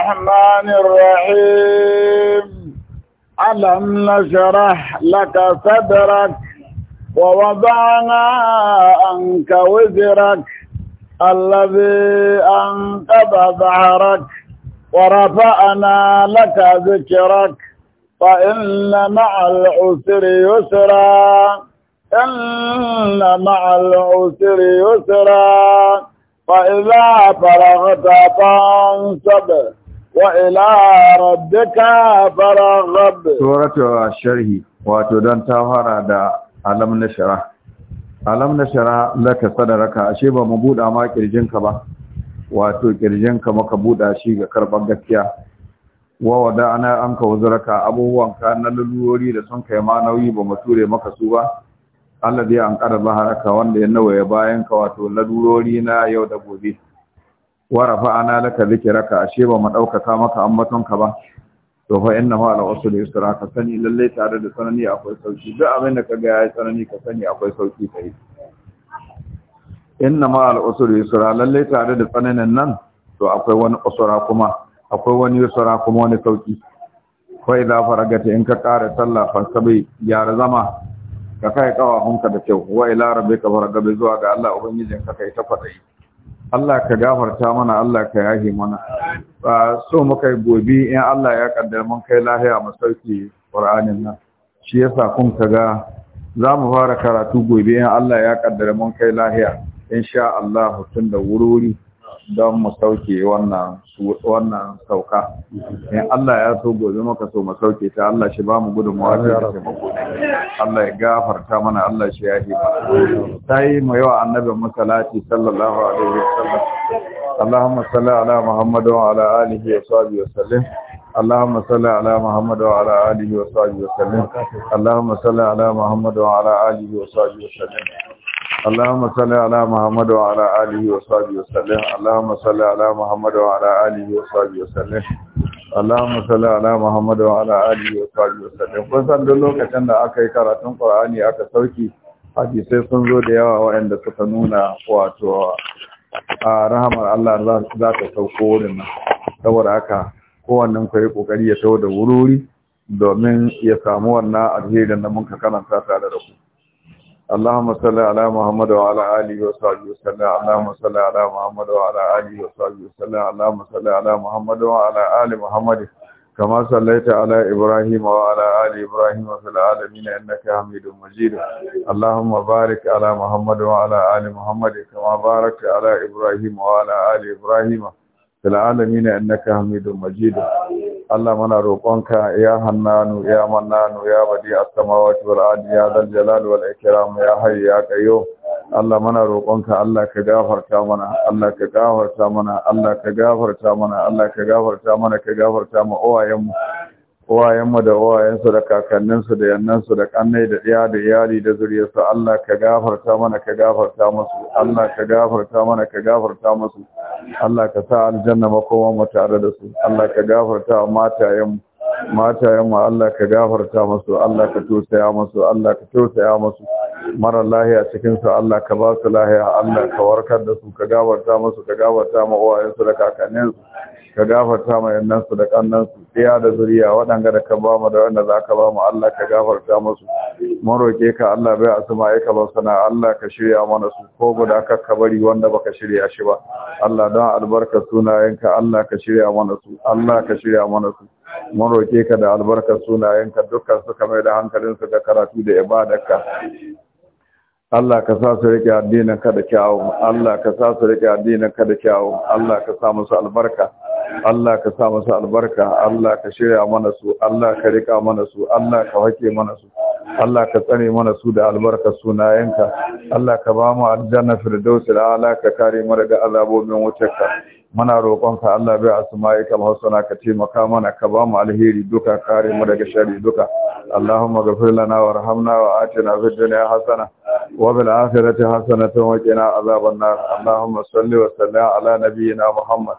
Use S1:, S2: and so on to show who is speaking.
S1: الرحمن الرحيم ألم نشرح لك صدرك ووضعنا عنك وزرك الذي أنقض ظهرك ورفعنا لك ذكرك فإن مع العسر يسرا إن مع العسر يسرا فإذا فرغت فانصب وإلى ربك فرغب سورة الشرح wato don ta fara da alam na shara alam na shara laka sadaraka ashe ba mu buɗa ma ba wato maka buɗa shi ga karɓar gaskiya wa wada ana an ka wuzuraka abubuwan ka na lalurori da sun kai ma nauyi ba mu ture maka su ba Allah zai an ƙara baharaka wanda ya nawaye bayan ka wato lalurori na yau da gobe wa ana laka dhikraka ashe ba mu daukaka maka ambatonka ba to fa innahu ala usul yusra ka sani lalle tare da sanani akwai sauki duk abin da kaga yayi sanani ka sani akwai sauki kai inna ma ala usul yusra lalle tare da sananin nan to akwai wani usura kuma akwai wani yusra kuma wani sauki fa idza faragata in ka kare sallah fa sabai gyara zama ka kai kawafunka da kyau wa ila rabbika faragabe zuwa ga Allah ubangijinka kai ta fadai Allah ka gafarta mana Allah ka yahi mana so muka gobe in Allah ya kaddara mun kai lahiya mu sauki Qur'anin nan shi yasa kun ga? za mu fara karatu gobe in Allah ya kaddara mun kai lahiya insha Allah tun da wuri don mu sauke wannan sauka in Allah ya so gobe maka so mu sauke ta Allah shi ba mu gudun mawafi da taimako Allah ya gafarta mana Allah shi ya yi Ta yi mu yawa annabi masalati sallallahu alaihi wasallam Allahumma salli ala Muhammadu wa ala alihi wa ala Muhammadu wa sahbihi wasallam اللهم صل على محمد وعلى اله وصحبه وسلم اللهم صل على محمد وعلى اله وصحبه وسلم اللهم صل على محمد وعلى اله وصحبه وسلم اللهم صل على محمد وعلى اله وصحبه وسلم اللهم صل على محمد وعلى اله وصحبه وسلم sahbihi wasallam. Kun san duk da aka karatun Qur'ani aka sauki hadisi sun zo da yawa wanda suka nuna wato a rahamar Allah za ta sauko wurin nan. Saboda haka kowannen ku yi kokari ya tawo da wuri domin ya samu wannan alherin da muka karanta tare da ku. اللهم صل على محمد وعلى اله وصحبه وسلم اللهم صل على محمد وعلى اله وصحبه وسلم اللهم صل على محمد وعلى ال محمد كما صليت على إبراهيم وعلى آل إبراهيم في العالمين إنك حميد مجيد اللهم بارك على محمد وعلى آل محمد كما باركت على إبراهيم وعلى آل إبراهيم في العالمين إنك حميد مجيد Allah muna roƙonka ya hannanu ya mannanu ya badi a samawati wa ardi ya zan jalali wal ikram ya hayyu ya qayyum Allah muna roƙonka Allah ka gafarta mana Allah ka gafarta mana Allah ka gafarta mana Allah ka gafarta mana ka gafarta mu uwayenmu da uwayensu da kakanninsu da yannansu da kannai da ɗiya da iyali da zuriyarsu Allah ka gafarta mana ka gafarta musu Allah ka gafarta mana ka gafarta musu Allah ka sa aljanna makoma mu tare da su Allah ka gafarta wa matayenmu matayenmu Allah ka gafarta musu Allah ka tausaya musu Allah ka tausaya musu mara lahiya cikinsu Allah ka ba su lahiya Allah ka warkar da su ka gafarta musu ka gafarta ma uwayensu da kakanninsu ka gafarta ma yannansu da kannansu tsaya da zuriya waɗanga da ka ba mu da wanda za ka ba mu Allah ka gafarta musu mun roƙe ka Allah bai asu ma'aikatan sana Allah ka shirya mana su ko guda ka ka bari wanda baka shirya shi ba Allah don albarka sunayenka Allah ka shirya mana su Allah ka shirya mana su mun ka da albarka sunayenka dukkan su mai da hankalinsu da karatu da ibadarka Allah ka sa su rike addinin ka da kyawun Allah ka sa su rike addinin ka da kyawun Allah ka sa musu albarka Allah ka sa masu albarka Allah ka shirya mana su Allah ka rika mana su Allah ka wake mana su Allah ka tsane mana su da albarka sunayenka Allah ka ba mu aljanna firdausi da ala ka kare mu daga azabobin wutarka muna roƙonka Allah bai asma'ika al-husna ka taimaka mana ka ba mu alheri duka kare mu daga sharri duka Allahumma ghfir lana warhamna wa atina fid dunya hasana wa bil akhirati hasanatan wa qina azaban nar Allahumma salli wa sallim ala nabiyyina Muhammad